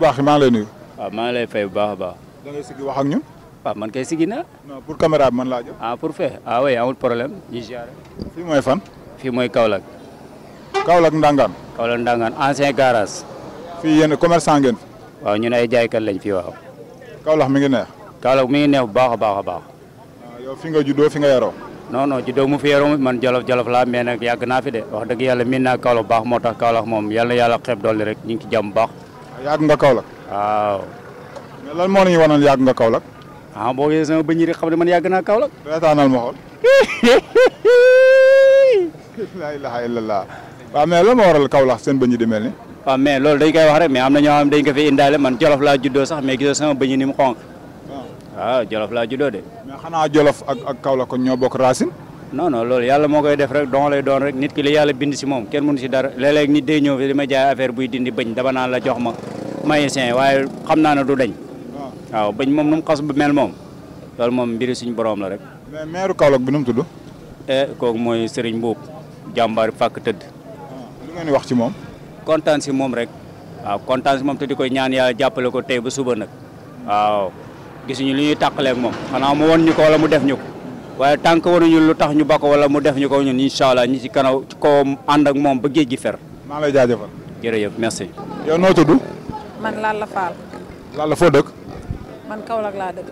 baax maa ngi lay nuyu. waaw maa lay fay bu baax a baax. da ngay sigi wax ak ñun. man kay sigi na. non pour caméra man ah pour ah oui amul problème ñu ziare. fii mooy fan. fii mooy Kaolack. Kaolack Ndangaan. Kaolack ancien garage. commerçant ngeen fi. ñun ay jaaykat lañ fi waaw. Kaolack mi ngi neex. Kaolack mi ngi neex bu baax baax baax. Ah, yow fi nga juddoo fi nga yaroo. non non juddoo mu fi yaroo man jolof jolof laa mais nag yàgg naa fi de wax dëgg yàlla miin baax rek ci baax yàgg nga Kaolack. waaw. mais moo la ñu wanoon yàgg nga Kaolack. ah boo gisee sama bëñ yi xam ne man yàgg naa Kaolack. reetaanal ma xool. laa ilaha illallah. waaw mais lan moo waral Kaolack seen bëñ yi di mel ni. waaw loolu dañ koy wax rek mais am na ñoo xam dañ ko fi indaale man Jolof laa juddoo sax mais gisoo sama bëñ yi ni mu xonq. Ah. waaw Jolof laa juddoo de. mais xanaa Jolof ak ak Kaolack ñoo bokk racine. non non lolou yalla mo koy def rek don lay don rek nit ki li yalla bind ci mom kenn mënu ci dara léeg nit day ñëw fi ma jaay affaire buy dindi bañ dama na la jox ma magicien waye xamna na du dañ ah. waaw bañ mom num xass bu mel mom lolou mom mbiri suñu borom la rek mais maire Kaolack bi num tuddu tudd eh, kok moy Serigne Mbuub jambar fak teud ah, lu ngeen wax ci mom contant ci mom rek waaw contant ci mom te di koy ñaan yalla jappale ko tey bu suba nak hmm. waaw gisunu li ñuy ak mom xana mu won ñuko la mu def ñuko waye tank waruñu ñu lutax ñu bako wala mu def ñuko ñun inshallah ñi ci kanaw ci ko and ak mom ba geejgi fer. ma lay jere yeuf merci. yow no tuddu man la la fal la la fo dëkk. man Kaolack la dëkk.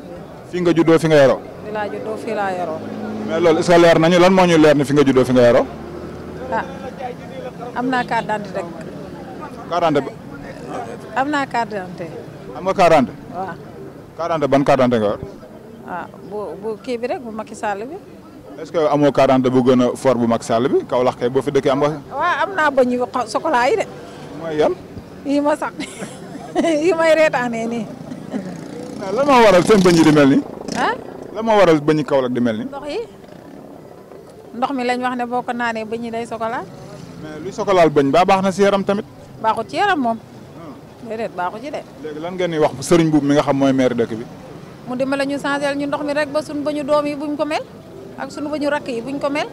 fi nga juddo fi nga yaroo. fi laa juddoo fi la yaroo. mais loolu est-ce leer nañu lan mo ñu leer ni fi nga juddo fi nga yaroo. amna ah, am naa carte d'identité rek. carte d'identité. amna naa carte d'identité. am nga carte d'identité. waaw. carte d'identité ban carte d'identité nga ah bu bu bu Macky Sall bi. est-ce que bu gën a fort bu Macky Sall bi Kaolack kay boo fi dëkkee am. waaw am naa bañ yu chocolat yi de. mooy yan. yi ma sax yi may waral seen bañ di melni? nii. ah lan waral bañ Kaolack di melni? nii. ndox yi ndox mi lañ wax ne boo ko naanee bañ yi day chocolat. mais luy chocolat bañ ba baax na yaram tamit. baaxut ci yaram moom. Ah. déedéet baaxut ci de. léegi lan ngeen di wax sëriñ mi nga xam maire dëkk bi. mu dimbale ñu changé ñu ndox mi rek ba suñu bañu doom yi buñ ko mel ak suñu bañu rakk yi buñ ko mel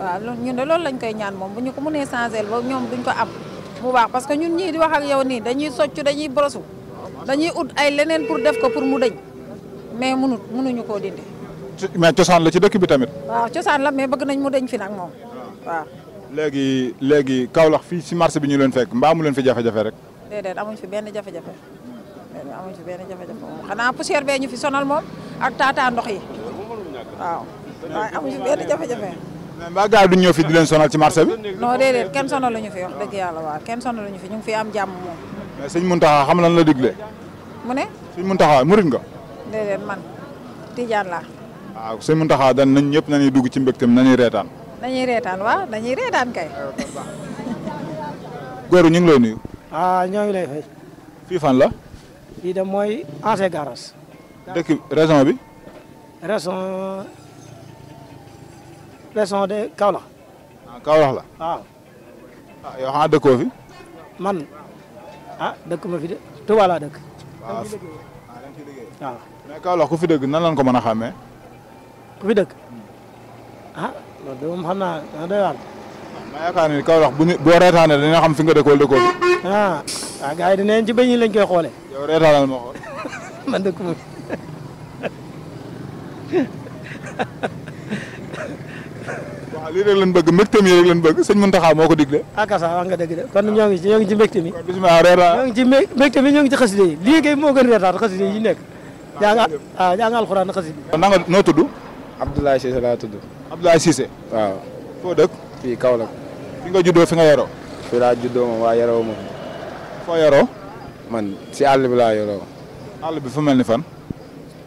waaw ñu de loolu lañ koy ñaan moom bu ñu ko mënee changé ba ñoom duñ am mu baax parce que ñun ñii di wax ak yow nii dañuy soccu dañuy brosu dañuy ut ay leneen pour def ko pour mu dëñ mais mënut mënuñu koo dindi. mais cosaan la ci dëkk bi tamit. waaw cosaan la mais bëgg nañ mu dëñ fi nag moom waaw. léegi léegi Kaolack fii si marché bi ñu leen fekk mbaa leen fi jafe-jafe rek. déedéet amuñ fi benn jafe-jafe. amuñ ci benn jafe-jafe moom xanaa poussière bee fi sonal moom ak taataa ndox yi waaw waaye ci benn jafe ñëw fi di leen sonal ci marché bi. non déedéet kenn sonalu ñu fi wax dëgg yàlla waaw kenn fi ñu fi am jàmm moom. mais sëñ Mountakha xam lan la digle. mu ne. sëñ nga. man Tidiane laa. waaw sëñ Mountakha dan nañ ñëpp nañuy dugg ci mbégteem nañuy reetaan. dañuy reetaan waaw dañuy reetaan kay. góor ñu ngi lay nuyu. ah ñoo lay fay. fan la. de mooy ancien garage. de raison bi. raison raison de Kaolack. ah Kaolack la. waaw. ah, ah yoo xam dëkkoo fi. man ah dëkk ma fi de Touba laa dëkk. waaw da waaw. mais Kaolack ku fi dëkk nan ko a xàmmee. fi dëkk ah loolu de moom xam naa da doy ma yaakaar ni Kaolack bu ñu dina xam fi nga dëkkool dëkkool. ah ah gars ci bëñ lañ koy xoolee. yow reetaanal ma xool. man dëkk moom. waaw lii rek lañ bëgg mbégte rek lañ bëgg sëñ Mountakha moo ko digle. ah wax nga dëgg de kon ñoo ngi ci ñoo ngi ci mbégte ñoo ngi ci ñoo ngi ci gën yi nekk. ah jàng alxuraan xaside yi. kon nga noo tudd. Abdoulaye Cissé laa tudd. Abdoulaye Cissé. waaw foo dëkk. fii Kaolack. fi nga juddoo fi nga yaroo. fi laa juddoo moom waa yaroo moom. foo yaroo. man si àll bi laa yaroo. àll bi fu mel ni fan.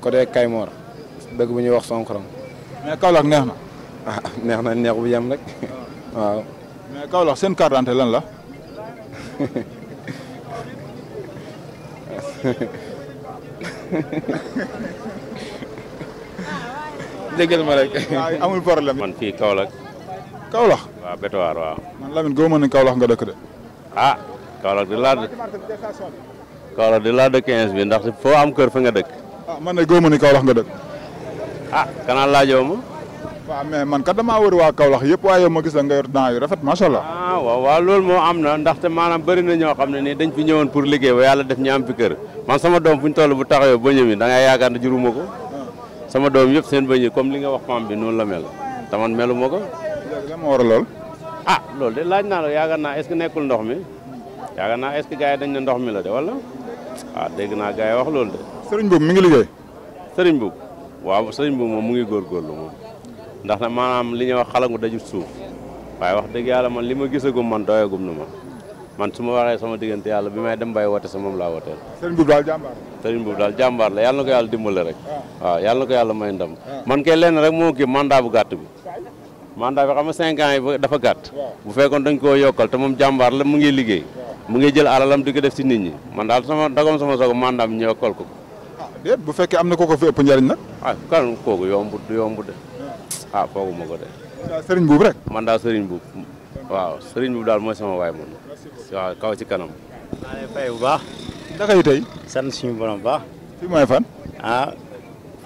côté Kaymoor. dëgg bu ñuy wax Sonkorong. mais Kaolack neex na. Ah, neex na neex bu yem rek waaw. mais Kaolack seen carte d'identité la. jégal ma rek. amul problème. man fii Kaulah beto Betoar wa man Lamine gëwuma ne Kaolack nga dekk de ah kaulah di kaulah Kaolack di la de 15 bi ndax fo am keur fa nah, nga dekk ah man ne gëwuma nga dekk ah kana la ma wa me man ka dama wër wa Kaolack yëpp wa yow ma gis nga yor yu rafet sha allah ah wa wa lol mo amna ndax te manam bari na ño xamne ni dañ fi ñëwoon pour liggéey wa yalla def ñi am fi keur man sama dom fuñ tollu bu taxawee iya, bo ñëmi da nga yaaka ah. sama dom yëpp seen bañu comme li nga wax fam bi non la mel taman melu moko lan moo waral ah, loolu de laaj naa la yaakaar naa est-ce que nekkul ndox mi yaakaar naa est-ce que gars dañ ne ndox mi la de wala waaw ah, dégg naa gars yi wax loolu de. Serigne Boub mi ngi liggéey. Serigne Boub waaw Serigne Boub moom mu ngi góor góorgóorlu moom ndax nag maanaam li ñuy wax xalangu dajut suuf waaye wax dëgg yàlla man li ma gisagum man doyagum na ma man su ma waxee sama diggante yàlla bi may dem bay woote sa moom laa wooteel. Serigne Boub daal jàmbaar la. Serigne Boub daal la yàlla na ko yàlla dimbale rek. Ah. waaw yàlla na ko man dafa xam 5 ans dafa gàtt bu fekkon dañ ko yokal te mom jambar la mu ngi liggey mu ngi jël alalam diko def ci nit ñi man dal sama dagam sama sogo mandam bi ñu ko ah, déet bu fekke amna na fi ëpp ñariñ nag ah kan kooku yombu yombu de ah kooku mako de sëriñ bu rek man da sëriñ bu waaw sëriñ bu dal moy sama way man waaw kaw ci kanam maa fay bu baax naka yi tay san suñu borom baax fi mooy fan ah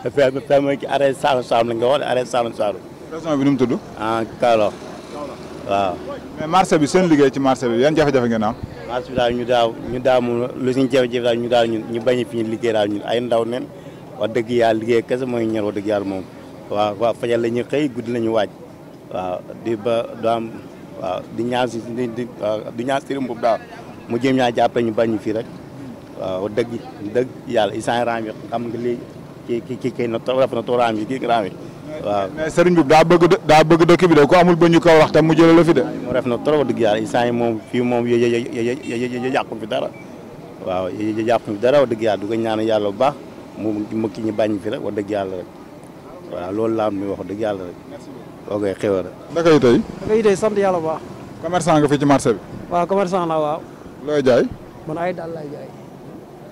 fay ki arrêt sa saalum la nga wax arrêt sa saalum région bi nu mu tudd. ah Kaolack. waaw. mais bi seen liggéey ci marché bi yan jafe-jafe ngeen am. bi daal ñu daaw ñu daaw mu lu suñu jafe-jafe daal ñu daal ñu ñu bañ fi ñu liggéey daal ay ndaw neen dëgg yàlla liggéey kese mooy ñor wax moom waaw waaw la ñuy xëy guddi la ñu ba du di ñaan si di di di daal mu jéem ñaa jàppale ñu bañ fii rek waaw dëgg dëgg yàlla isaan raam yi xam nga lii kii kii kii na rafet na too raam yi kii raam yi waaw mais Serigne Mboup daa bëgg daa bëgg dëkk bi da ko amul ba ñu ko wax tam mu jëlee la fi de. mu ref na trop dëgg yàlla yàlla du ko yàlla bu baax mu mëkki ñu bàññ fi rek wax dëgg yàlla rek waaw loolu laa muy wax dëgg yàlla rek ok xew a rek naka yi tey naka yi tey sant yàlla bu baax commerçant nga fii ci marché bi waaw commerçant la waaw looy jaay man ay dàll laay jaay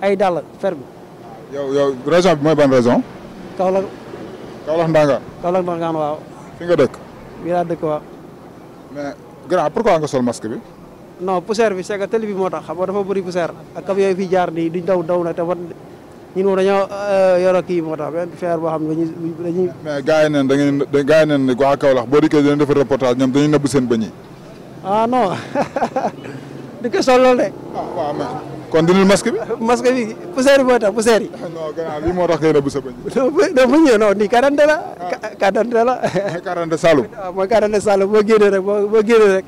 ay dàll fer bi yow yow région bi mooy ban région Kaolack bangga. Kaolack bangga waaw. fi nga dëkk. bi laa dëkk waaw. mais grand pourquoi nga sol masque bi. non poussière bi c'est que télé bi moo tax xam nga dafa bëri poussière ak camion yi fi jaar nii duñ daw daw na te man ñun moom dañoo yoro kii moo tax benn feer boo xam dañuy dañuy. mais da ngeen reportage dañuy seen ah non di ko sol loolu de. ah waaw mais. kon dindul masque bi. masque bi poussière moo tax poussière yi. non gannaaw lii moo tax ngay nëbbu sa bëñ. non bu ñëwee non nii quarante la. Ah. quarante la. mooy mooy quarante Saloum boo rek boo boo génnee rek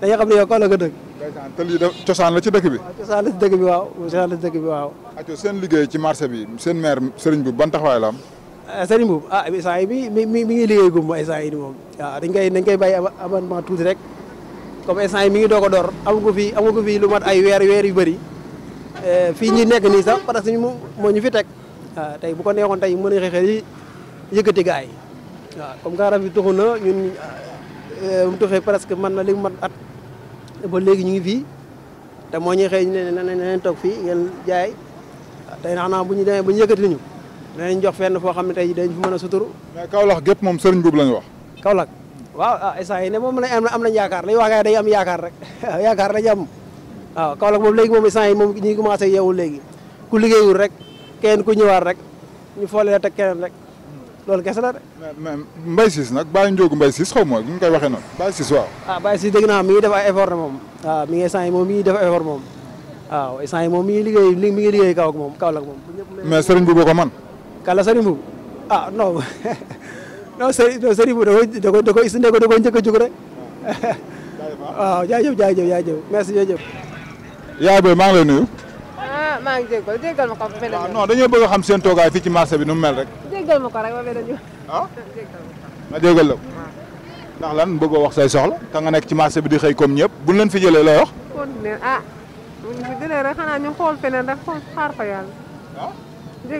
dañuy xam ne yow kaw la dëkk. cosaan la ci dëkk bi. Ah, cosaan la ci dëkk cosaan la ci dëkk bi waaw. aco seen liggéey ci marché bi seen maire Serigne Boub ban taxawaay la am. Ah, Serigne ah saa yi mi mi mi ngi liggéey gum saa yi moom waaw dañ koy dañ koy bàyyi amendement tuuti rek comme instant yi mi ngi doog a door fi amagu fi lu mat ay weer weer yu bëri Eh, fii ñi nekk nii sax parce que moo ñu fi teg waaw ah, tey bu ko neexoon tey mën a xeexee yi yëkkati ah, gaay yi waaw comme garab yi tuxu na ñun eh, mu tuxee presque man na li mu at ba léegi ñu ngi fii te moo ñuy ne ñu ne ne neen toog fii ngeen jaay ah, tey xanaa bu ñu demee bu ñu yëkkati li ñu danañ jox xam ne tey dañ fi mën a suturu mais Kaolack gépp moom sëriñ boobu la ñu wax Kaolack waaw ah instant yi ne moom la am na am nañ yaakaar lañ wax gaay day am yaakaar rek yaakaar lañ am waaw Kaolack moom léegi moom instant yi moom ñuy commencé yeewul léegi ku liggéeyul rek kenn ku ñëwaat rek ñu foole la teg rek loolu kese la de. Mbaye Ciss nag Baye Ndiogou Mbaye Ciss xaw ma nu ñu koy waxee noonu Baye Ciss waaw. ah Baye Ciss naa mi ngi def ay effort moom waaw ah, mi ngi instant mi ngi def effort moom waaw ah, instant yi moom mi ngi liggéey mi ngi liggéey Kaolack moom Kaolack moom. mais Serigne Boubou ko man. kala Serigne Boubou ah non non Serigne Serigne Boubou da koy da koy da koy njëkk a jug rek ah. waaw jaajëf jaajëf jaajëf merci yaay booy maa ngi lay nuyu. ah maa ngi jégal ma ko mel ah, non ci marché bi nu mel rek. jégal ma ko rek ba ah ma jégal la ndax lan bëggoo wax say soxla ka nga nekk ci marché bi di xëy comme ñëpp buñ leen fi lay wax. ah buñ fi jëlee rek xanaa ñu xool feneen rek xool xaar fa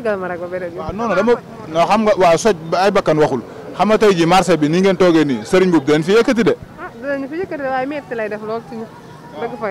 ah ma rek ba beneen ah, non non dama non xam nga waaw soj ay bakkan waxul xam nga tey marché bi ni ngeen fi ah dinañ fi yëkkati de ah, waaye lay def lool suñu fa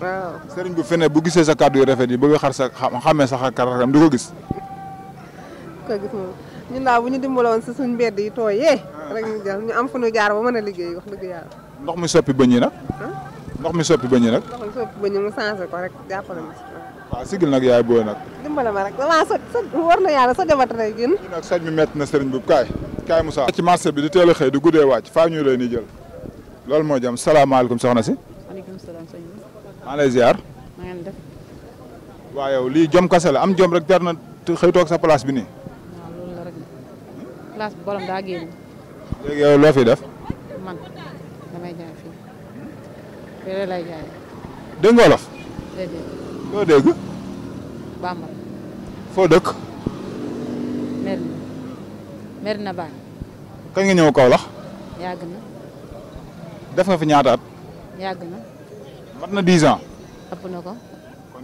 waaw bu fene bu gisse sa cadeau yu rafet yi bëgg xar sa xamé sa xaram du ko gis. ko gis mo ñun daal bu ñu won sa suñu mbedd yi toyé eh, rek ñu jël ñu am fu ñu jaar ba mëna liggéey wax dëgg yaa ndox mi soppi bañi nak ndox mi soppi bañi nak ndox mi soppi bañi mu sansé ko rek jàppale ma ci waaw sigil nak yaay boy nak dimbale ma rek waaw sa sa war na yaala sa demat rek gën. nak nag mi métti na sëriñ bu kay kay musa ci marché bi di teel xey du di wacc fa ñu lay ni jël lool mo jam alaykum soxna si. alaykum salaam sëñ maa lay ziar. maa def. waaw jom am jom rek jar na xëy sa place bi nii. place yow fi def. man damay jaay fii fii lay jaay. dégg nga wolof. déedéet. loo dégg. Bambara. foo dëkk. Merina Merina Baye. kañ nga ñëw Kaolack. yàgg na. def nga fi na mat 10 ans. ëpp na kon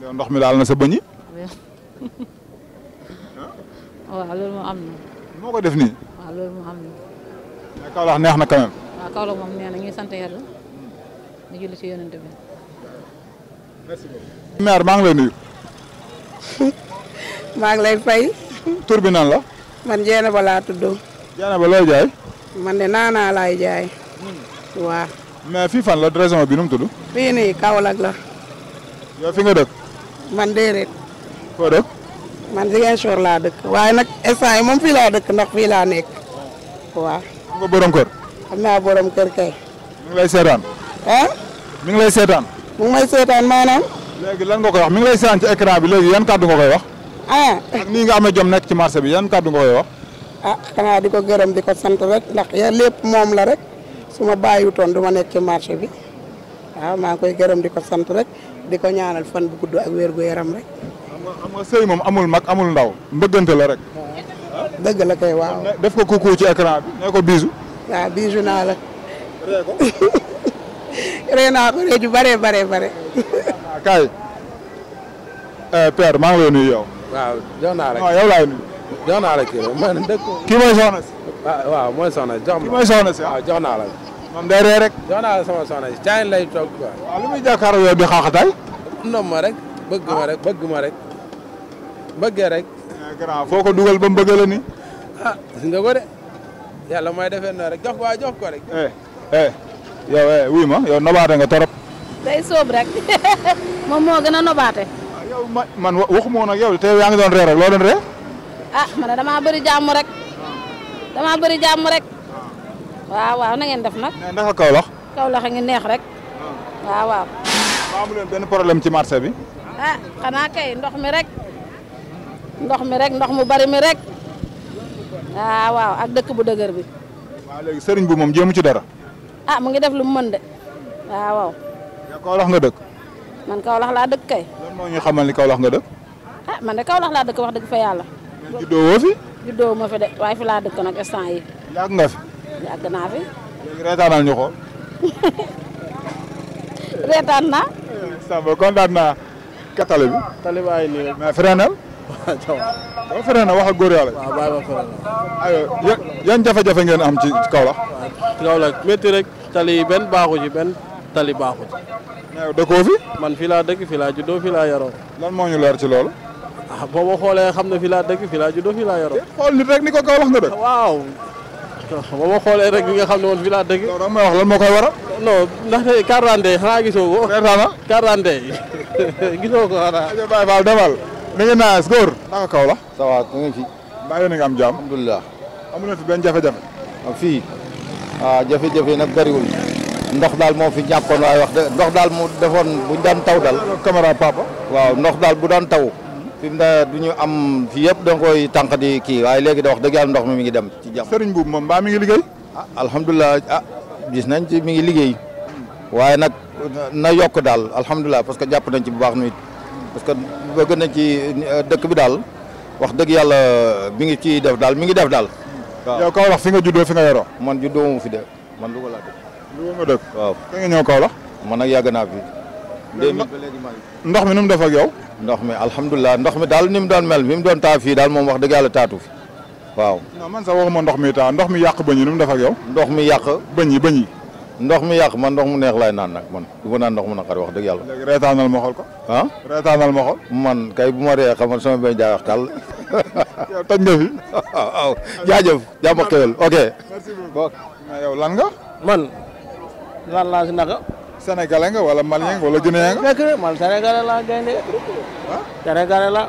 yow ndox mi daal na sa bëñ yi. waaw loolu moom am def nii. waaw loolu moom am na. mais Kaolack neex na quand même. waaw Kaolack moom nee na ñuy sant yàlla. ñu julli ci yonent bi. merci beaucoup. maire maa ngi lay nuyu. ngi lay fay. bi nan la. man man de hmm. mais fan la raison bi fini nii la. yo fi nga dëkk. man déedéet. ko dëkk. man Ziguinchor laa dëkk waaye nag instant yi moom fii laa dëkk nak fi la nek wa nga borom kër. amna borom kër kay. mi ngi lay seetaan. hein mi ngi lay seetaan. mu ngi may seetaan manam léegi lan nga koy wax mi ngi lay seetaan ci écran bi léegi yan kàddu nga koy wax. ah. ak nii nga amé jom nek ci marché bi yan kàddu nga koy wax. ah xanaa di ko gërëm di sant rek ndax ya lepp mom la rek suma ma bàyyiwutoon duma nek ci marché bi. waaw maa ngi koy gërëm diko sant rek di ko ñaanal fan bu gudd ak wér gu yaram rek. xam nga moom amul mag amul ndaw mbëggante la rek. dëgg la kay waaw. def ko kuku ci écran bi nee ko bisu. waaw naa la. ree naa ko ree bare bare bare. kay. Eh, Père maa ngi nuyu yow. waaw jox naa la. non moom day ree rek. jox naa la sama soxna si caa lay toog di xaaxataay. noom ma rek bëgg ma rek bëgg ma rek bëggee rek. Eh, grand foo ko dugal ba bëgg la ni. ah gis nga ko de yàlla mooy rek jox ko eh, eh, waaye ma yow nobaate nga torop. day soob rek moom moo gën a nobaate. Ah, yow man waxuma woon ak yow te yaa ngi doon ree loo doon ree. ah man damaa bëri jàmm rek damaa bëri jàmm rek. waaw waaw na ngeen def nag. mais naka Kaolack. Kaolack a ngi neex rek. Ah. waaw waaw. ba amu leen benn problème ci marché bi. ah xanaa kay ndox mi rek. ndox mi rek ndox mu bari mi rek. waaw ah, waaw ak dëkk bu dëgër bi. waaw léegi sëriñ bu moom jéemu ci dara. ah mu ngi def lu mu mën de. waaw waaw. yow Kaolack nga dëkk. man Kaolack laa dëkk kay. lan moo ñu xamal ni Kaolack nga dëkk. ah man de Kaolack laa dëkk wax dëgg fa yàlla. juddoo woo fi. juddoo ma fi de waaye fi laa dëkk nag instant yi yàgg nga fi. yàgg naa fi. léegi reetaanal ñu xool. reetaan naa. bi. tali bi ay nii mais freinal. wax a góor yàlla. waaw bàyyi ma yan jafe-jafe ngeen am ci Kaolack. waaw Kaolack métti rek. tali benn baaxu ci benn tali baaxu ci. mais dëkkoo fi. man fii laa dëkk fii laa juddoo fii lan moo leer ci loolu. ah boo ma xoolee xam ne fii laa dëkk fii laa juddoo fii xool nit rek ni ko Kaolack nga dëkk. waaw. xam nga ma xoolee rek bi nga xam ne woon fii laa dëgg. loolu may koy waral. non ndaxte quarante yi xanaa gisoo ko. reetaana quarante yi gisoo ko xanaa. rajo Baye Fall demal. ni nga naan góor. naka kaw la. ça va na fi. mbaa yéen ngi am jàmm. amu leen fi benn jafe-jafe. Ah, fii ah jafe-jafe nag bëriwul. ndox daal moo fi ñàkkoon waaye wax de ndox daal mu defoon bu daan taw daal. caméra papa. waaw ndox daal bu daan taw. fi duñu am fi yeb dang koy tànq di kii waaye léegi da wax deug yalla ndox mi mi ngi dem ci jàmm serigne buub mom ba mi ngi liggey alhamdullah ah gis ah, nañ ci mi ngi liggey waye nak na yok dal, alhamdullah parce que japp nañ ci bu baax nit parce que bëgg nañ ci eh, dekk bi dal wax deug yalla mi ngi ci def dal mi ngi def dal yow ko wax fi nga juddo fi nga yoro man juddo mu fi de man Louga laa dëkk Louga nga dëkk waaw nga ñëw wax man nag yàgg fi ndox mi num def ak yow ndox mi alhamdullah ndox mi dal nim doon mel bim doon ta fi dal mom wax deug yalla taatu fi waaw. non man sax waxuma ndox mi ta, ndox mi yak bëñ yi nu def ak yow. ndox mi yak bëñ yi bëñ yi. ndox mi yak man ndox mu neex lay nan nak man du ko nan ndox mu naqari wax deug yalla leg retanal mo xol ko. ah retanal mo xol man kay bu re ree xamal sama bay jaay wax tàll. yow tan nga fi. waaw jaajëf jàmm ak xewal ok. merci beaucoup yow lan nga. man lan la naka sénégalais nga wala malien wala guinéen nga fekk man sénégalais la gaynde sénégalais la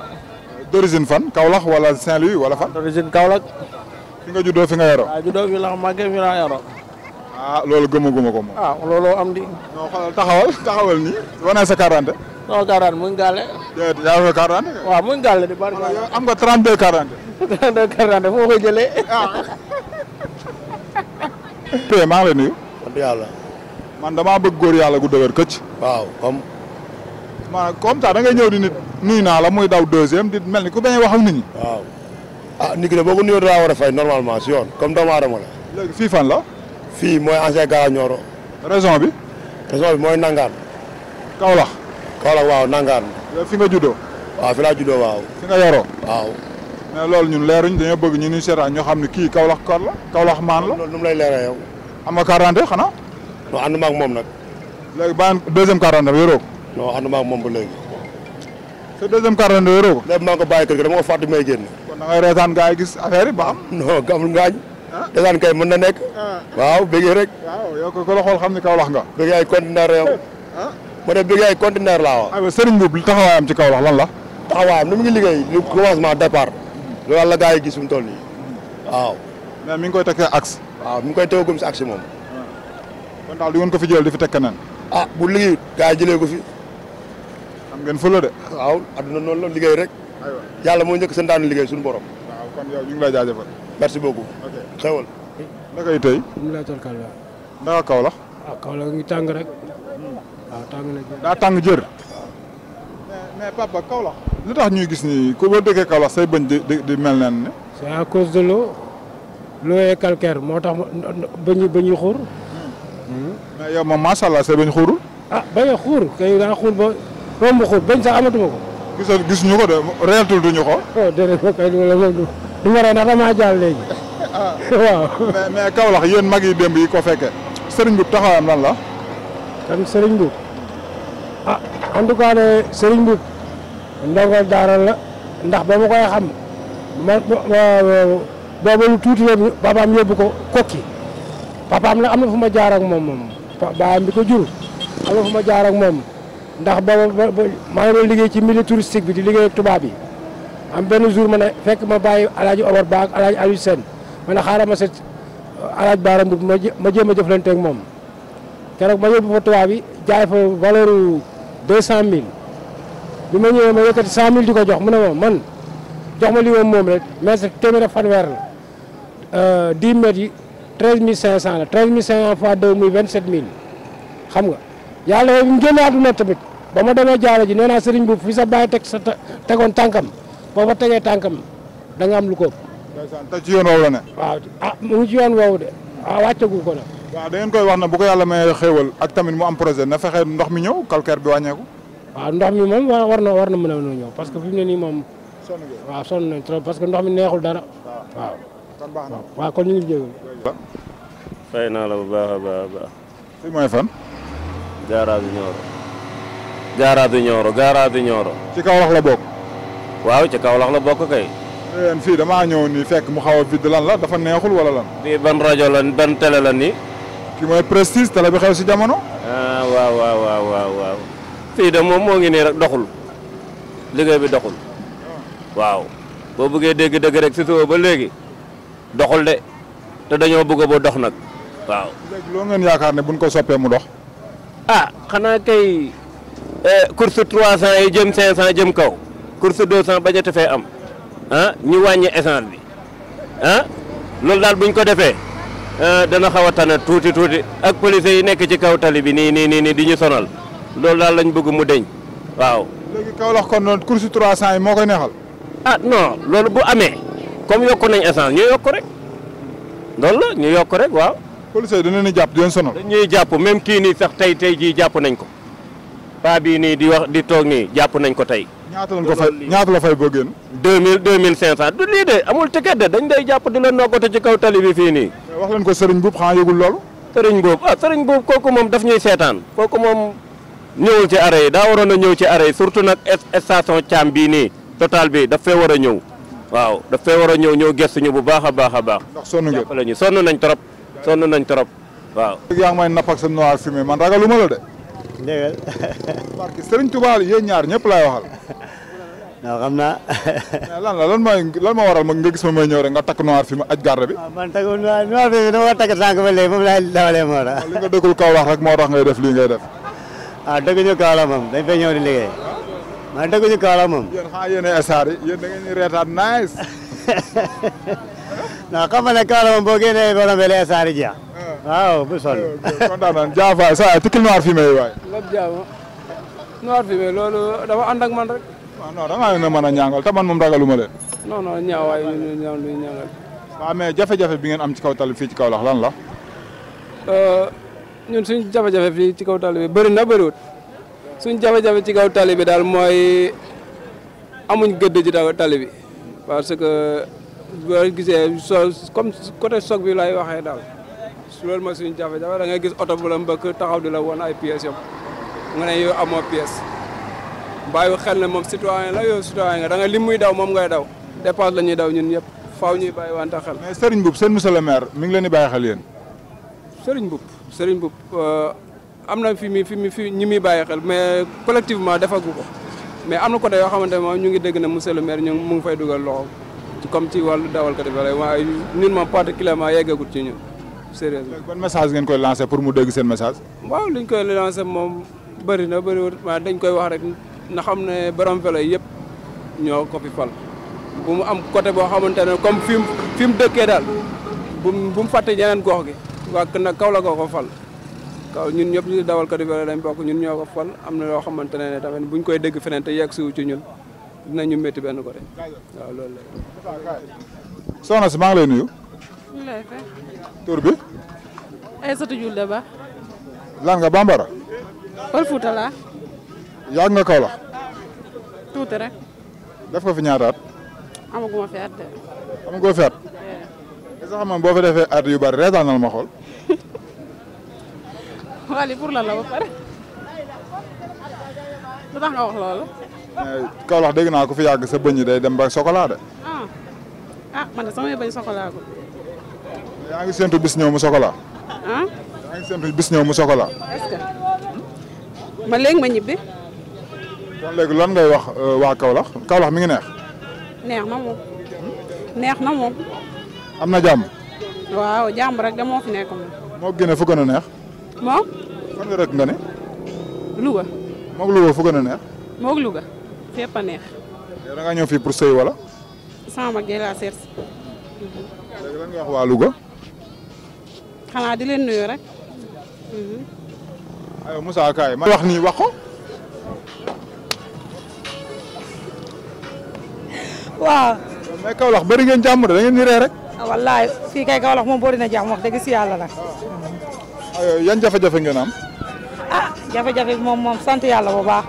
d'origine fan Kaolack wala Saint Louis wala fan d'origine Kaolack fi nga juddoo fi nga yaroo waaw ah, juddoo fi la màggee la ah loolu gëmaguma ko moom ah looloo am di non xoolal taxawal taxawal nii wane sa quarante non quarante mu ngi gàlle déet fa di barke am nga 32 quarante 32 quarante foo ko jëlee ah Pé maa ngi lay nuyu man dama bëgg goor yalla gu dëgër këcc. waaw comme. ma comme ta da nga ñëw di nit nuy na la muy daw deuxième di melni ku bañ wax ak nit ñi. waaw ah nit ki de ñëw ko wara fay normalement ci yoon comme dama aadama la. léegi fii fan la. fi moy ancien gara ñoro raison bi. raison bi mooy nangaan. Kaolack. Kaolack waaw nangaan. fi nga juddoo. waaw fi la juddoo waaw. fi nga yoro waaw. mais loolu ñun leeruñ dañu bëgg ñu ñu sétan ñu xamni ki kii Kaolack kor kan la Kaolack maan la. loolu num lay leeree yow. am nga 40 xana non ànduma ak moom nag. léegi baan deuxième quarante yoroo ko. non ànduma ak moom ba léegi. sa deuxième quarante yoroo ko. lépp maa ngi ko bàyyi kër gi dama ko fàtte may génn. kon da ngay reetaan gaa yi gis affaire yi ba am. non ah. kay mën na nekk. Ah. waaw bëggee rek. waaw yow ko la xool xam ne Kaolack nga. bëggee ay conteneur ah. ma ne bëggee ay laa waaw. aywa Serigne Mboup taxawaayam ci Kaolack lan la. taxawaayam ni mu ngi liggéey lu commencement départ. loolu la gaa gis mu toll nii waaw. mais mi ngi koy teg axe. waaw ngi koy tegagum si axe moom kon dal di ngeen ko fi jël di fi tek keneen. ah bu liggéeyut gaa jëlé ko fi. am ngeen fële de. waw aduna non la liggéey rek. aywa yalla mo ñëk sa daan liggéey suñu borom. waw kon yow ñu ngi lay jaajëfal. merci beaucoup. ok xewal. naka yi tey. alhamdulilah tarkalla. naka kaw la. ah kaw la ngi tang rek. Hmm. ah tang na da tang jër. mais papa Kaolack li tax ñuy gis ni ko bo ba kaw la say bañ di di mel nan ne. c'est à cause de l'eau l'eau est calcaire motax tax ba ñu xur. mais yow moom macha allah sa bañ xuurul. ah bañ a xuur kay daa xuur ba romb xuur bañ sax amatuma ko. gisoon gis ko de reetul duñu ko. Oh, du ma rey ndax damaa jàll léegi. Ah. waaw mais mais mag yi démb yi ko fekkee sëriñ bu taxawaayam lan la. kan sëriñ bu ah en tout cas ndongo daara la ndax ba ma koy xam ma boobu tuuti la babaam yóbbu ko kokki papa amna amna fuma jaar ak mom mom baayam bi ko jur amna fuma jaar ak mom ndax ba ma ngi doon ci milieu touristique bi di liggéey ak tuba bi am ben jour mané fekk ma baye alaaji Omar Ba ak alaaji ali sen mané xara ma set alaaj baram bu ma uh, jema a jëflante ak moom keroog ma yobbu fa tuba bi jaay fa valeur 200000 bi ma ñëwee ma yëkati 100000 diko jox mané ne man jox ma li mom rek mais téeméer ak fanweer 10 uh, mètres 13500 la 13500 fois 2 muy 27000 xam nga yàlla yooyu bi mu génn àdduna tamit ba ma demee jaara ji nee naa sëriñ bu fi sa bàyyi teg sa tegoon tànkam boo fa tegee tànkam da nga am lu ko. te ci yoon woowu la ne. waaw ah mu ci yoon woowu de a ah, wàccagu ko nag. waaw da ngeen koy wax na bu ko yàlla may xéewal ak tamit mu am projet na fexe ndox mi ñëw calcaire bi wàññeeku. waaw ndox mi moom war na war na mën a ñëw parce que fi mu ne nii moom. sonn waaw parce que ndox mi neexul dara waaw. kon baax na waaw kon ñu ngi jégal fay naa la bu baax a baax a baax fi mooy fan garage ñooro garage ñooro garage ñooro ci kaolax la bokk waaw ci lan ban rajo la ban télé la si ah ba doxul de te dañoo bëgg boo dox nag waaw. loolu loo ngeen yaakaar ne buñ ko soppee mu dox. ah xanaa kay eh, course 300 yi jëm 500 jëm kaw course 200 bañ a tefee am ah ñu wàññi essence bi ah loolu daal buñ ko defee eh, dana xaw a tane tuuti tuuti ak police yi nekk ci kaw tali bi nii nii nii nii di ñu sonal loolu daal lañ bëgg mu deñ waaw. léegi kaw lax kon noonu course 300 yi moo koy neexal. ah non loolu bu amee. comme yokku nañ essence ñu yokk rek loolu la ñu yokk rek waaw. police yi dinañ jàpp di sono sonal. dañuy jàpp même kii nii sax tey tey jii jàpp nañ ko paa bii nii di wax di toog nii jàpp nañ ko tey. ñaata lañ ko fay ñaata la fay boo génn. deux mille mille du lii de amul ticket de dañ day jàpp di la noggatu ci kaw tali bi fii nii. wax leen ko sëriñ boobu xanaa yëgul loolu. sëriñ boobu ah sëriñ boobu kooku moom daf ñuy seetaan kooku moom ñëwul ci arrêt daa waroon a ñëw ci arrêt yi surtout nag station Thiam bii nii total bi daf fee a ñëw. waaw daf fee war a ñëw ñëw gestu ñu bu baax a baax a baax. ndax sonn ngeen jàppale ñu sonn nañ trop sonn nañ trop waaw. yaa ngi may napp ak sa noir fumé man ragaluma la de. dëggal. barke Serigne Touba yéen ñaar ñëpp laay waxal. non xam naa. lan la lan mooy lan ma waral nga gis ma may ñëw rek nga takk noir fumé aj garde bi. Ah, man takk noir noir fumé dama takk sànq ba léegi moom laay dawalee moo tax. li nga rek moo tax ngay def lii ngay def. ah dëgg ñu Kaolack moom dañ fay ñëw di liggéey. man teguñu kaala moom. yéen xanaa yéen ay star yi yéen da ngeen di reetaan nice. non xam nga ne kaala moom boo génnee borom bi lay star yi jeex. Ah. waaw bu sol. kontaan naan jaafa saa yi tukkil noir fumier yi waay. lépp jaamu noir fumier loolu dafa ànd ak man rek. waaw ah, non da ngaa leen a mën a ñaangal te man moom ragaluma leen. non non ñaawaay ñun ñun ñaaw duñu ñaangal. waaw mais jafe-jafe bi ngeen am ci kaw tali fii ci Kaolack lan la. Euh, ñun suñu jafe-jafe fii ci kaw tali bi bëri na bëriwut. suñ jafé jafé ci gaw talibé dal moy amuñ gëdd ci daw talibé parce que bo gisé comme côté sok bi lay waxé dal su loolu ma suñ jafé jafe da nga gis auto bu la mbëk taxaw di la won ay pièces yom nga né yo amo pièces bayu xel ne mom citoyen la yo citoyen nga da nga limuy daw mom ngay daw dépense lañuy daw ñun ñëpp faaw ñuy bàyyi wante xel. mais Serigne Boub seen monsieur le maire mi ngi leen di bàyyi xel yéen. Serigne Boub Serigne Boub. Euh, am na fi mi fi mi fi ñi muy bàyyi xel mais collectivement defagu ko mais am na côté yoo xamante ne moom ñu ngi dégg na monsieur le maire ñu mu ngi fay comme ci wàllu dawalkat yi wala waaye ñun moom particulièrement yeggagut ci ñun sérieusement. ban message ngeen koy pour mu dégg seen message. waaw ñu koy lancé moom bëri na bëriwul dañ koy wax rek na xam ne borom vélo yëpp ñoo ko fi mu am côté boo xamante ne comme fi fi mu dëkkee daal bu mu bu mu fàtte ñeneen gox gi waa nag kaw la ko ko fal. taw ñun ñëpp ñu dawalkatu vélo dañ bokk ñun ñoo ko fal am na loo xamante ne ne tamit buñ koy dégg feneen te yegg siwu ci ñun dinañu métti benn ko waaw loolu la. soxna si maa ngi lay nuyu. lay fay. tur bi. Aïssatou Diouf ba. lan nga bambara. Pël Fuuta laa. yàgg nga Kaolack. tuuti rek. def ko fi ñaata at. amaguma fi at defee at yu bari reetaanal ma xool. waaye pour la la pare lu tax nga wax loolu. Eh, Kaolack dégg naa ko fi yàgg sa bëñ day dem ba ah. ah man de bëñ chocolat ko. yaa ngi séntu bis mu chocolat. ah. yaa ngi séntu bis ñëw mu chocolat. est-ce que ma léegi ma ñibbi. kon léegi lan ngay wax eh, mi ngi neex. neex na neex na am na waaw jàmm rek de moo fi fu neex waaw fan nga rek nga ne Louga moog Louga fu mau a neex nih? Louga fépp a neex da ngaa ñëw fii pour sëy wala sama mag laa seet si léegi lan nga wax waa Louga xanaa di leen nuyu rek mhm. ayo musa Kaye ma wax nii wax ko waaw mais Kaolack bëri ngeen jàmm da ngeen di ree rek ah, wallaay fii kay Kaolack moom boo dina jàmm wax dëgg si yàlla nag Euh, yan jafe-jafe ngeen am. ah jafe-jafe moom moom sant yàlla bu baax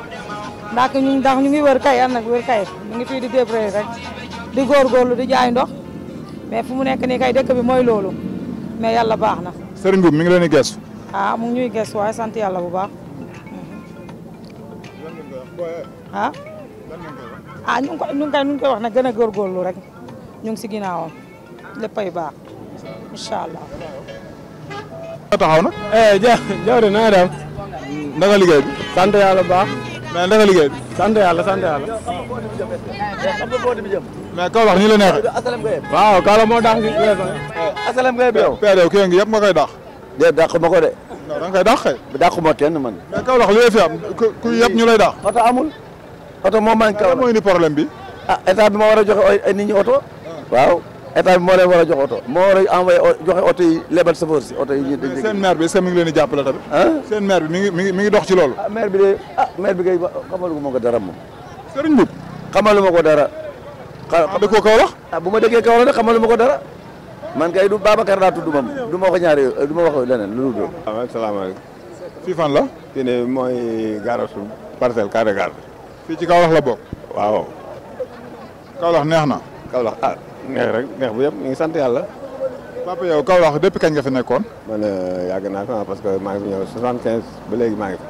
ndax ñu ndax ñu ngi wër kay am nag wër kay ñu ngi fii di débrouiller rek di góor góorgóorlu di jaay ndox mais fu mu nekk nii kay dëkk bi mooy loolu mais yàlla baax na. Serigne Mboup mi ngi leen di gëstu. ah mu ñuy gëstu waaye sant yàlla bu baax. ah. ah, ah ñu ngi koy ñu ngi koy ñu ngi koy wax nag gën a góorgóorlu rek ñu ngi si ginnaawam léppay baax incha allah. taxaw nag. Eh, jawri na nga def. naka liggéey bi. sant yàlla bu baax. mais naka liggéey bi. sant yàlla sant yàlla. mais kaw wax ni la neexee. waaw kaw la moo dàq gi. asalem ngay beew. peerew kii ngi yëpp nga koy dàq. déet dàq ma ko de. non da nga koy dàq ma kenn man. mais kaw wax fi am ku yëpp ñu lay dàq. oto amul. oto moom maa ngi kaw mooy ni problème bi. ah état bi ma joxe ay nit ñi oto. Ah. waaw. état bi moo leen war a jox oto moo war a envoyé joxe oto yi lebal chauffeur si oto yi ñu seen maire bi est-ce que mi ngi leen di jàppale tamit seen maire bi mi ngi mi ngi mi ngi dox ci loolu ah maire bi de ah maire bi kay xamalu ma dara moom Serigne Mboup xamalu ma ko dara ah, dëkkoo Kaolack ah bu ma dëkkee Kaolack xamalu dara man kay du Babacar wax lu ah, fan la garasu carré ci la waaw ah neex rek neex bu yëpp ñu ngi sant yàlla. papa yow Kaolack depuis kañ nga fi nekkoon. man euh, yàgg naa fi ah, parce que maa ngi fi ñëw 75 ba léegi maa ngi fi.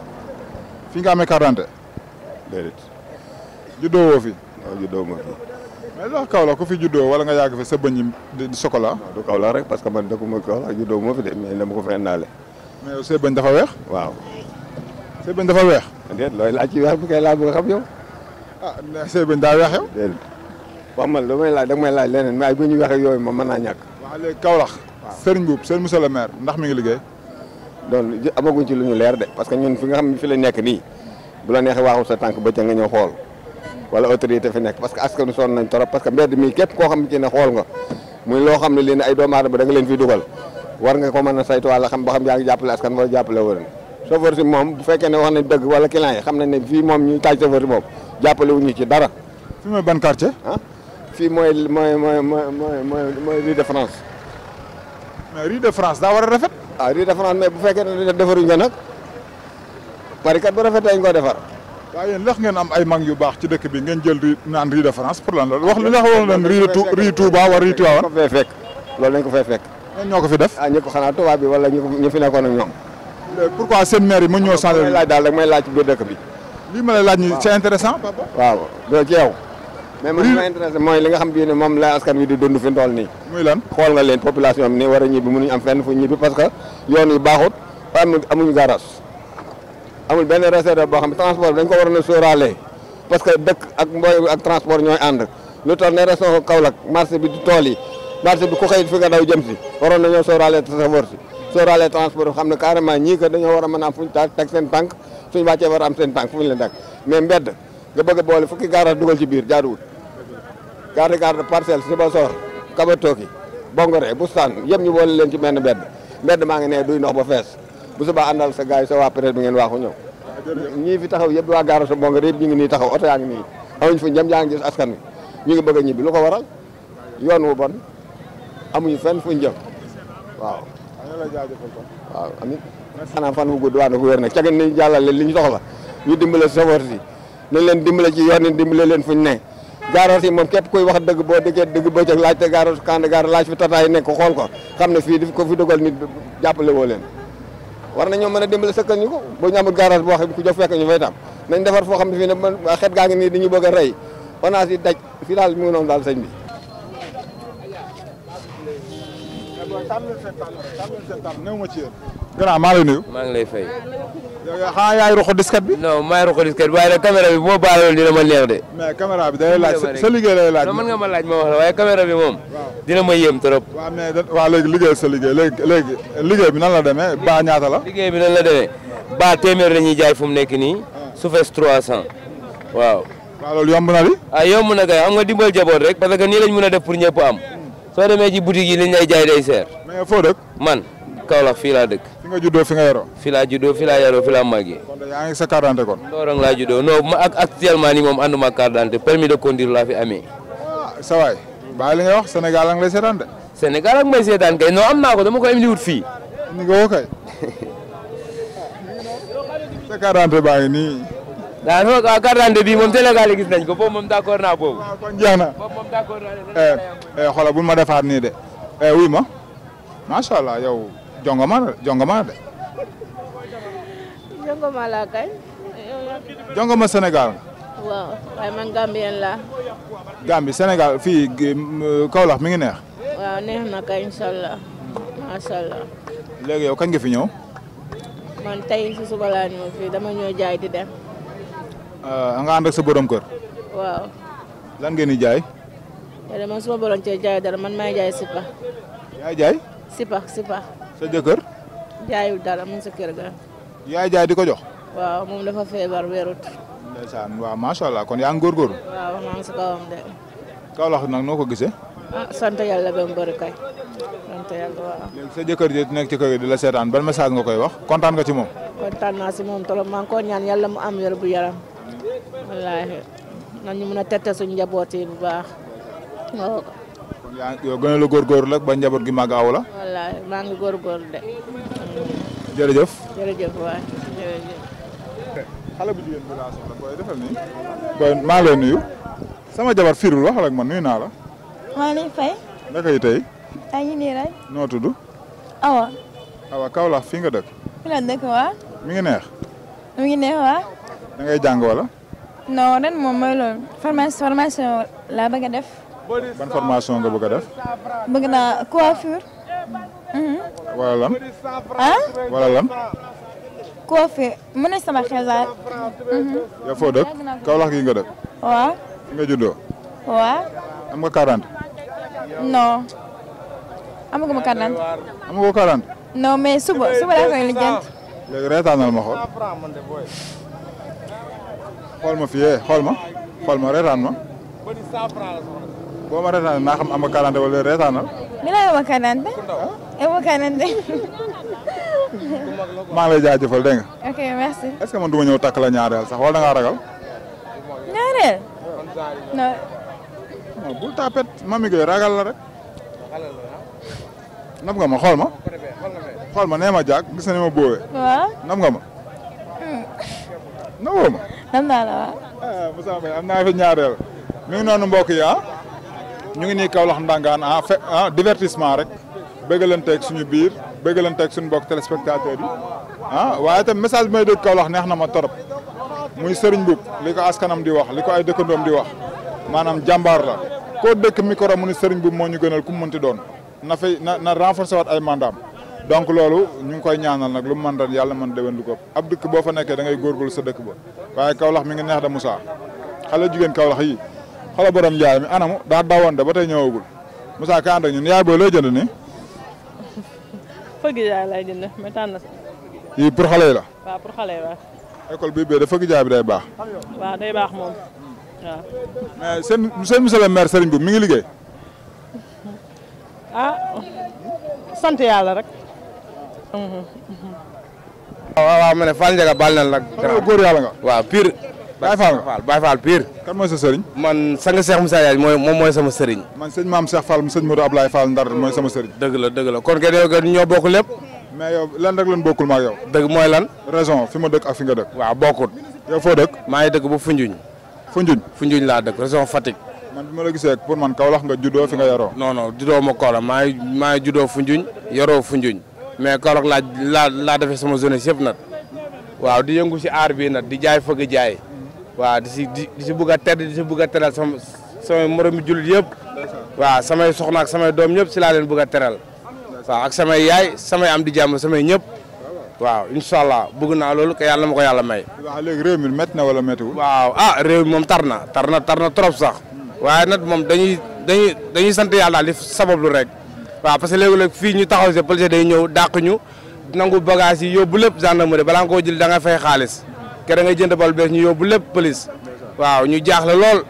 fi nga amee quarante. déedéet. juddoo woo fi. waaw juddoo ma yàgg fi sa bëñ yi di chocolat. du ma Kaolack ma fi de mais dama ko fa indaale. mais dafa weex. waaw. sa bëñ dafa weex. déet looy a ah, bëñ daa weex yow. wax man damay laaj dag may laaj leneen waaye bu ñu waxee yooyu moom mën naa ñàkk. waaw léegi Kaolack. waaw Serigne monsieur le maire ndax mi ngi liggéey. doon amaguñ ci lu leer de parce que ñun fi nga xam fi la nekk nii bu la neexee waaxul sa tànk bëccëg nga ñëw xool wala autorité fi nekk parce que askanu sonn nañ trop parce que mbedd mi képp koo xam ci ne xool nga muy loo xam ne leen ay doomu aadama da nga leen fi dugal war nga ko mën a saytu wala xam ba xam yaa ngi jàppale askan wala jàppale So chauffeur si moom bu fekkee ne wax nañ dëgg wala client yi xam nañ ne fii moom ñu taaj chauffeur si moom jàppale wuñu ci dara fi ban quartier ah moy moy moy moy moy moy rue de France. mais rue de France da war rafet. ah rue de France mais bu fekké ne defaru ñe nak barikat bu rafet ñu ko defar. wa yeen lax ngeen am ay mag yu bax ci dëkk bi ngeen jël rue rue de France pour lan wax lu nga xamoon lan rue rue wala ba war rue lañ ko fay fek lool lañ ko fay fek ñoo ko fi def. ah ñu ko xanaa tubaab bi wala ñu ñu fi nekkon ak ñom pourquoi sen maire yi mu ñëw. sànq laaj rek may laaj ci biir dëkk bi. li ma lay laaj ni c'est intéressant papa. waaw do ci yow. mais man li ma mooy li nga xam bii ne moom la askan wi di dund fi tool nii. xool nga leen population bi war a ñibbi mënuñu am fenn fu ñibbi parce que yoon yi baaxut amul amuñu garage boo xam ne transport dañ ko waroon a sóoraale parce que dëkk ak mbooy ak transport ñooy ànd lu toll ne région ko Kaolack marché tool yi bi ku xëy fi nga daw si waroon nañoo sóoraale transport si xam ne carrément ñii que dañoo war a mën a am fu ñu teg seen tànk suñu wàccee war a am seen tànk fu ñu leen teg mais mbedd nga bëgg a boole fukki garage dugal ci biir jaar jaaduwul garde garde parcelle suba soor kabatooki bu bustaan yëpp ñu boole leen ci benn mbedd mbedd maa ngi ne duy ndox ba fees bu subaa àndal sa gars yi sa waa presse bi ngeen waaxu ñëw ñii fi taxaw yëpp waa sa bongore yëpp ñu ngi nii taxaw oto yaa ngi nii amuñ fu jëm yaa ngi gis askan wi ñu ngi bëgg a ñibbi lu ko waral yoon wu bon amuñu fenn fuñ jëm waaw waaw amit xanaa fan wu gudd waa na ko wér nag cagin nañ jàllale li ñu soxla ñu dimbale sofër si nañ leen dimbale ci yoon ni dimbale leen fuñ ne gaaros yi moom képp kuy wax dëgg boo dikkee dëgg bëccëg laajte gaaros kand gaaros laaj fi tata nekk xool ko xam ne fii daf ko fi dugal nit jàppale woo leen war nañoo mën a dimbale sëkkal ñu ko boo ñu amul gaaros boo xam ku jox fekk ñu fay tam nañ defar foo xam ne fii ne xet gaa ngi nii dañu bëgg a rey ONAS yi daj fi daal mu ngi noonu daal sëñ bi néew ma ci yéen. gannaaw maa ngi lay nuyu. maa ngi lay fay. xanaa yaay roxo disket bi. non maay roxo disket bi waaye nag caméra bi boo baaloon dina ma leer de. mais caméra bi day laaj sa liggéey lay laaj. non mën nga ma laaj ma wax la waaye caméra bi moom. dina ma yéem trop. waaw mais waaw léegi liggéey sa liggéey léegi léegi liggéey bi nan la demee ba ñaata la. liggéey bi nan la demee ba téeméer la ñuy jaay fu mu nekk nii. Ah. su fees 300 waaw. waaw loolu yomb na li. ah yomb na kay xam nga dimbal jaboot rek parce que nii lañ mën a def pour ñëpp am. so demé ci boutique yi li ñay jaay day seer. mais fo dekk man Kaolack fi la dekk fi nga juddo fi nga yaroo. fi la juddo fi la yaroo fi la magi kon yaa ngi sa carte d'identité kon. Ndorong laa juddoo non ma ak actuellement ni mom anduma carte d'identité permis de conduire la fi amé ah sa way ba li nga wax Sénégal ak lay sétane Sénégal ak may sétane kay non amna ko dama ko indi wut fi ni nga woo kay. sa carte d'identité baa ni dan noo ka carte d'identité bi moom Sénégal gis nañ ko foofu moom d'accord naa boobu. waaw kon jeex na foofu moom d'accord naa eh, ya eh, xoolal bu ma defaat nii de eh, wuy ma allah yow jongoma jongoma de. jongoma laa kay. jongoma Sénégal. waaw waaye man Gambien laa. Gambie Sénégal fii Kaolack mi ngi neex. waaw neex na kay incha allah macha allah. léegi yow kan nga fi ñëw. man tey si suba laa ñëw fii dama ñëw jaay di dem. Eh, nga ànd sa borom keur waaw. lan ngeen di jaay. yàlla man suma borom ci jaay dara man may jaay sipa. yaay jaay. sipa sipa. sa jëkkër. jaayul dara mun sa keur ga. yaay jaay diko jox. waaw mom dafa febar werut ndaysan waaw sha allah kon ya ngor gor waaw maa sa kawam de. Kaolack nag noo ko ah sante yalla ba mu bëri kay. sant yàlla waaw. leg sa jeuker ji nek ci keur di la setan ban message nga koy wax kontaan nga ci mom kontaan na ci mom tolo maa ko ñaan yalla mu am yor bu yaram. wallaahi nañu mën a tette suñu yi bu baax. waaw. kon yaa yow gën la ba njaboot gi màgg aw la. wallaahi maa ngi góorgóorlu de. jërëjëf. jërëjëf waay jërëjëf. xale bu jigéen bi sama jabar firul waxal ak man nuyu naa la. maa lay fay. naka yi tey. maa noo tudd. awa. awa fii nga dëkk. fii la dëkk waa. mi neex. mi neex waa. da ngay jàng wala. non ren moom mooy loolu formation formation laa bëgg a def. ban formation nga bëgg a def. bëgg naa coiffure. Mhm. wala lan. ah wala lan. coiffure mu ne sama xel daal. Mhm. yow foo dëkk Kaolack gi nga dëkk. waaw. fi nga juddoo. waaw. am nga 40. non. amaguma 40. amaguma 40. non mais suba suba laa koy léegi reetaanal ma xool. xool ma fii eh, xool ma xool ma reetaan ma boo ma reetaanee naa xam ama kalante wala reetaanal. mi la ama kalante. ama kalante. maa ngi lay jaajëfal dégg nga. ok merci. est ce du ma ñëw takk la ñaareel sax wala da ngaa ragal. ñaareel. non. bul tapet mami Gueye ragal la rek. nab nga ma xool ma. xool ma nee ma jaag gis na ma boowee. waaw nga ma. Hmm. na woo ma. nam naa la waaw. ah eh, Moussa Mbaye am naa fi ñaareel mi ngi noonu mbokk yi ah ñu ngi nii Kaolack ndangaan ah fe ah divertissement rek bëggalanteeg suñu biir bëggalanteeg suñu mbokk téléspectateurs yi ah waaye itam message bi may dégg Kaolack neex na ma torop muy Serigne Mboup li ko askanam di wax na renforcer waat ay mandaam donc lolu ñu ngi koy ñaanal nak lu mën ren yalla mën déwén lu ko ab dëkk boo fa nekké da ngay gorgul sa dëkk ba waye kawlax mi ngi neex da musa xala jigen kawlax yi xala borom njaay mi anamu da dawon da batay ñewugul musa ka and ak ñun yaay bo looy jënd ni fëgg jaay lay jënd tan na yi pour xalé la. wa pour xalé wa école bii bee da fëgg jaay bi day baax. wa day baax mom waaw. mais sen seen monsieur le maire Serigne Boub mi ngi liggéey. ah sante yalla rek. waaw waaw ma ne Fall Ndiaga baal na la nag. waaw góor yàlla nga. waaw piir Baye Fall nga Baye Fall pire. kan mooy sa sëriñ. man sang Cheikh Moussa Diagne mooy moom mooy sama sëriñ. man sëñ maam Cheikh Fall sëñ Modou Ablaye Fall Ndar mooy sama sëriñ. dëgg la dëgg la kon kay ñoo bokk lépp. mais yow lan rek lan bokkul ma yow. dëgg mooy lan. raison fi ma dëkk ak fi nga dëkk. waaw bokkut. yow foo dëkk. maa ngi dëkk bu Foundiougne. fu juñ laa dëkk raison Fatick. man bi ma la gisee pour man Kaolack nga judoo fi nga yaroo. non non ma Kaolack maa maa ngi juddoo Foundiougne yaroo Foundiougne mais Kaolack laa laa laa defee sama jeunesse yëpp nag waaw di yëngu si aar bii nag di jaay fëgg jaay waaw di si di si bëgg a di si bëgg a teral sama samay moromi jullit yëpp waaw samay soxna ak samay doom ñëpp si laa leen bëgg a teral waaw ak samay yaay samay am di jàmm samay ñëpp waaw incha allah bëgg naa loolu que yàlla ma ko yàlla may. waaw léegi réew mi métti na wala méttiwul. waaw ah réew mi moom tar na tar na tar na trop sax waaye nag moom dañuy dañuy dañuy sant yàlla li sabablu rek. waaw parce que léegi-léeg fii ñu taxaw si police day ñëw dàq ñu nangu bagage yi yóbbu lépp gendarmerie balaa nga koo jël da nga fay xaalis ke da ngay jënd bal bees ñu yóbbu lépp police waaw ñu jaaxle lool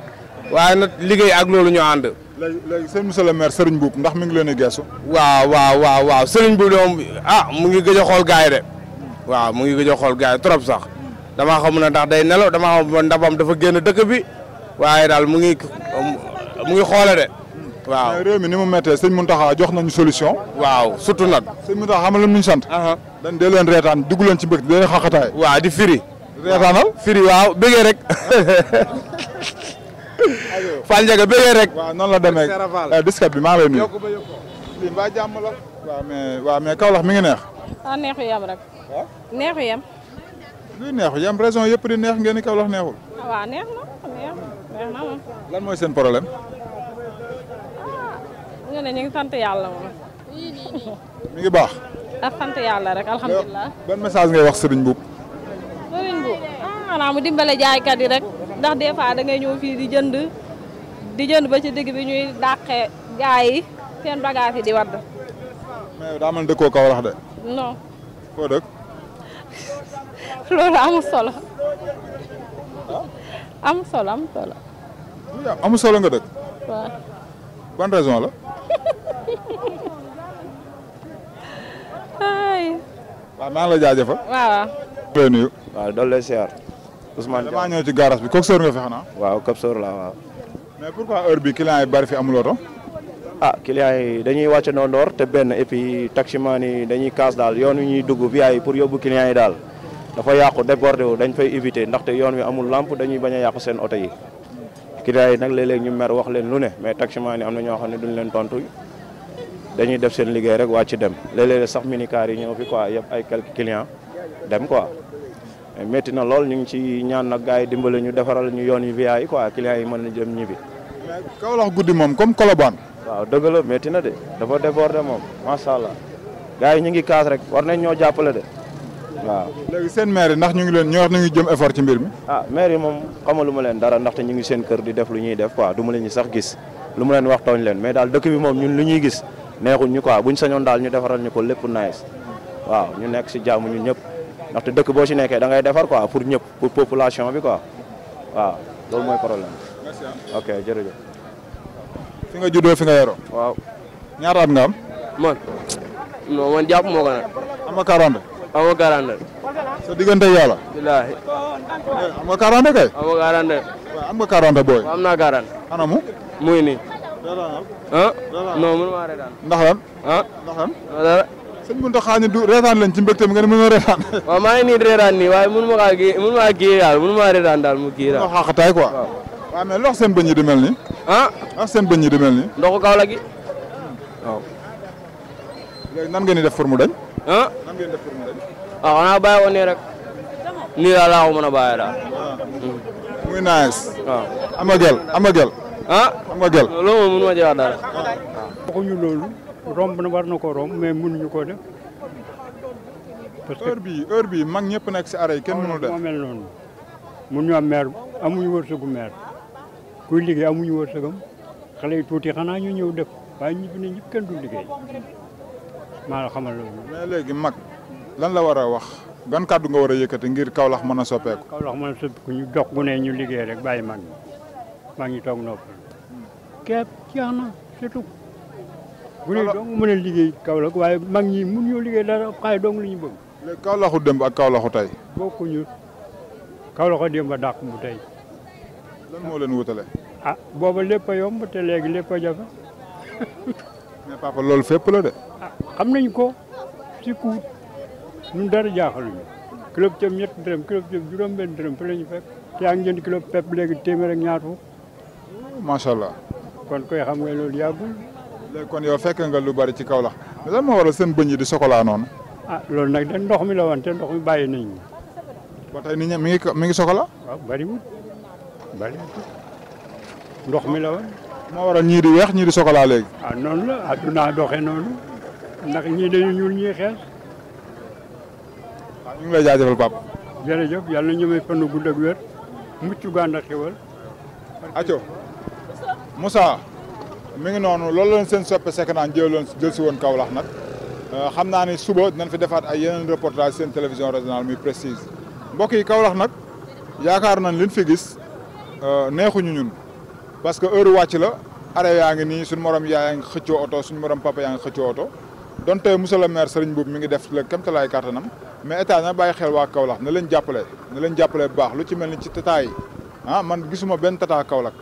waaye nag liggéey ak loolu ñu ànd. léegi léegi sëñ monsieur ndax mi ngi leen di geesu. waaw waaw waaw waaw Serigne Boub moom ah, mu ngi gëj a xool gars yi de waaw mu ngi gëj xool gars yi trop sax damaa xamul ne ndax day nelaw damaa xam ne ndabam dafa génn dëkk bi waaye daal mu ngi mu ngi xoole de. waaw réew mi ni mu méttee sëñ Mountakha jox nañu solution. waaw surtout nag. sëñ Mountakha xam nga lu ñu sant. Uh-huh. dañ dee leen reetaan dugg leen ci bëgg di leen waa waaw di firi. reetaanal firi waaw bëggee rek. Fall Ndiaga bëggee rek. waaw la demee ak eh, diskat bi maa ngi lay nuyu. lii mbaa jàmm la. mi ngi neex. ah neexu yam rek. neexu yam. luy neexu yam raison yëpp di neex ngeen ni Kaolack neexul. Ah, waaw neex na neex na lan mooy seen problème. ñu ne ñu ngi sant yàlla moom. mi ngi baax. ak sant yàlla rek alhamdulilah. ban message ngay wax Serigne Mboup. Serigne Mboup ah maanaam mu dimbale jaaykat yi rek ndax des fois da ngay ñëw fii di jënd di jënd ba ci digg bi ñuy dàqe gaay yi seen di wadd. mais daa mel ni dëkkoo Kaolack de. non. foo dëkk. loolu amul solo. Ah? am solo am solo. nga dëkk. Quand raison la. waaw maa ngi la jaajëfal. waaw waaw. waaw doon lay siyaar. Ousmane Diagne damaa ñëw ci garage bi coxeur nga fi xanaa. waaw coxeur la waaw. mais pourquoi heure bi client yi bari fi amul oto. ah client yi dañuy et puis dañuy yoon ñuy dugg pour yóbbu client yi wu dañ fay éviter yoon wi amul lampe dañuy fait client yi nag léeg-léeg ñu mer wax leen lu ne mais taximan ni am na ñoo xam ne duñ leen tontu dañuy def seen liggéey rek wàcc dem léeg sax minicar yi ñëw fi quoi yëpp ay quelques clients dem ko métti na lool ñu ngi ci ñaan na gars yi dimbale ñu defaral ñu yoon yi via yi quoi clients yi mën na jëm ñibbi. Kaolack guddi moom comme Colobane. waaw dëgg la métti na de dafa déborder moom macha allah gars yi ñu ngi kaas rek war nañ ñoo jàppale de. waaw léegi seen maire yi ndax ñu ngi leen ñoo wax ñu jëm effort ci mbir mi ah maire yi moom xamaluma leen dara ndaxte ñu ngi seen kër di def lu ñuy def quoi du ma leen ñu sax gis lu mu leen wax tooñ leen mais daal dëkk bi moom ñun lu ñuy gis neexuñ ñu quoi buñ sañoon daal ñu defaral ko lépp nice ñu nekk si jàmm ñu ñëpp ndaxte dëkk boo si nekkee da ngay defar quoi pour ñëpp pour population bi quoi waaw loolu mooy problème ok jërëjëf fi nga juddoo fi nga yoroo waaw ñaata at nga am man non man jàpp moo ko nag am amoo quarante. sa diggante yàlla. billaahi. am nga quarante kay. amoo quarante. waaw am nga quarante booy. am naa ana mu. muy nii. ah. non mënuma reetaan. ndax du reetaan lañ ci mbégte mi nga reetaan. waaw maa nii reetaan nii waaye mënuma kaa kii mënuma kii daal mënuma reetaan daal mu kii daal. mënoo xaaxataay quoi. waaw waaw mais lox léegi nan ngeen di def pour mu dañ. ah nan ngeen di def rek. nii daal laa ko mën a ah. muy nice. waaw ah. am nga gel am nga gel. nga gel. loolu moom mënuma romb na war na ko romb mun mënuñu ko def. parce que heure bii heure bii mag ñëpp nekk si arrêt kenn mënul def. moo mel noonu mun ñu am maire amuñu wërsëgu maire kuy liggéey tuuti xanaa ñu ñëw def waaye ñi fi ne ñëpp du liggéey. maa la xamal loolu. mais léegi mag lan la wax gan kàddu nga war a yëkkati ngir mana mën a soppeeku. Kaolack mën a soppeeku ñu dox gu ne ñu liggéey rek bàyyi mag ñi mag ñi bu ne dong mën kaulah liggéey Kaolack waaye mag ñi mun ñoo liggéey dara dong lu ñu bëgg. léegi Kaolacku ak lan leen wutale. ah booba lépp a yomb te léegi lépp papa loolu fépp la de. ah xam nañ ko si kuut ñun dara jaaxaluñu kilo ceeb ñetti dërëm kilo ceeb juróom-benn dërëm fa ñu fekk. te yaa ngi jënd kilo pepp léegi téeméer rek ñaar fukk. macha allah. kon koy xam nga loolu yàggul. léegi kon yow fekk nga lu bari ci kaw lax mais lan moo waral seen bëñ yi di sokola noonu. a ah, loolu nag de ndox mi la woon te ndox mi bàyyi nañ ñu. ba tey nit mi ngi mi ngi sokola. waaw ah, bariwul bariwul ndox mi la woon. mo wara ñi di weex ñi di sokolaa léegi. ah non la aduna doxé non ndax ñi dañu ñul ñi xéx waaw ñu ngi lay jaajëfal pap jërëjëf yàlla yalla ñu may fannu gudd ak wër muccu ganda ak xewal. aco Moussa mi ngi nonu loolu lañ seen soppe sekanaan jël loon jël ci won Kaolack nag euh, xam naa ni suba dañ fi defaat ay yeneen reportage seen télévision régionale muy précise mbokk yi Kaolack nak yaakaar nañ liñ fi gis euh, ñu ñun. parce que heure wàcc la are yaa ngi nii suñu morom yaa ngi xëccoo oto suñu morom papa yaa ngi xëccoo oto donte monsieur le maire Serigne Mboup mu ngi def le kéemtalaay kàttanam mais état na bàyyi xel waa Kaolack na leen jàppale na leen jàppale bu baax lu mel ni ci tata yi ah man gisuma benn tata Kaolack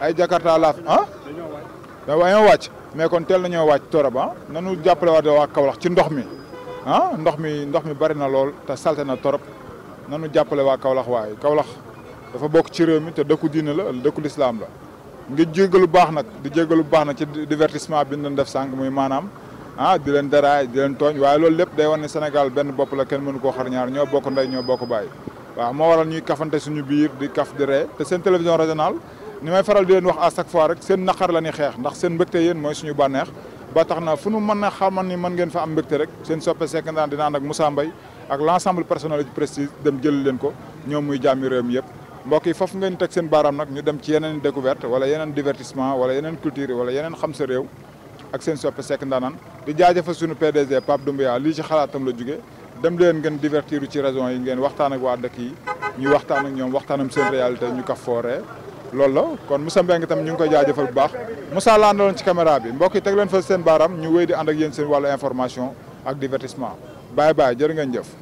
ay Jakarta laaf ah. dañoo wàcc mais kon teel nañoo wàcc torop ah nanu jàppale waa Kaolack ci ndox mi ah ndox mi ndox mi bari na lool te salte na torop nanu jàppale waa Kaolack waaye Kaolack dafa bokk ci réew mi te dëkku diina la dëkku lislaam la ngi jégalu baax nag di jégalu baax nag ci divertissement bi ñu doon def sànq muy maanaam ah di leen daraay di leen tooñ waaye loolu lépp day wane ne Sénégal benn bopp la kenn mënu koo xar ñaar ñoo bokk ndey ñoo bokk baay waaw moo waral ñuy kafante suñu biir di kaf di ree te seen télévision régionale ni may faral di leen wax à chaque fois rek seen naqar la ñuy xeex ndax seen mbégte yéen mooy suñu bànneex ba tax na fu nu mën a xamal ni mën ngeen fa am mbégte rek seen soppe Seck Ndane dina ànd ak Moussa Mbaye ak l' ensemble jël leen ko ñoom muy jàmmi réew mi yëpp mbokk yi foofu ngeen teg seen baaraam nag ñu dem ci yeneen découverte wala yeneen divertissement wala yeneen culture wala yeneen xam sa réew ak seen soppe Seck Ndanane di jaajëfal suñu PDG Pape Doumbia lii ci xalaatam la juge dem leen ngeen divertiru ci région yi ngeen waxtaan waa dëkk yi ñu waxtaan ak ñoom waxtaanam seen réalité ñu ka fooree loolu la kon Moussa Mbengue ñu ngi koy jaajëfal bu baax Moussa laa àndaloon ci caméra bi mbokk teg leen fa seen bara ñu wéy di ànd ak yéen seen wàllu information ak divertissement bye bye jërë ngeen jëf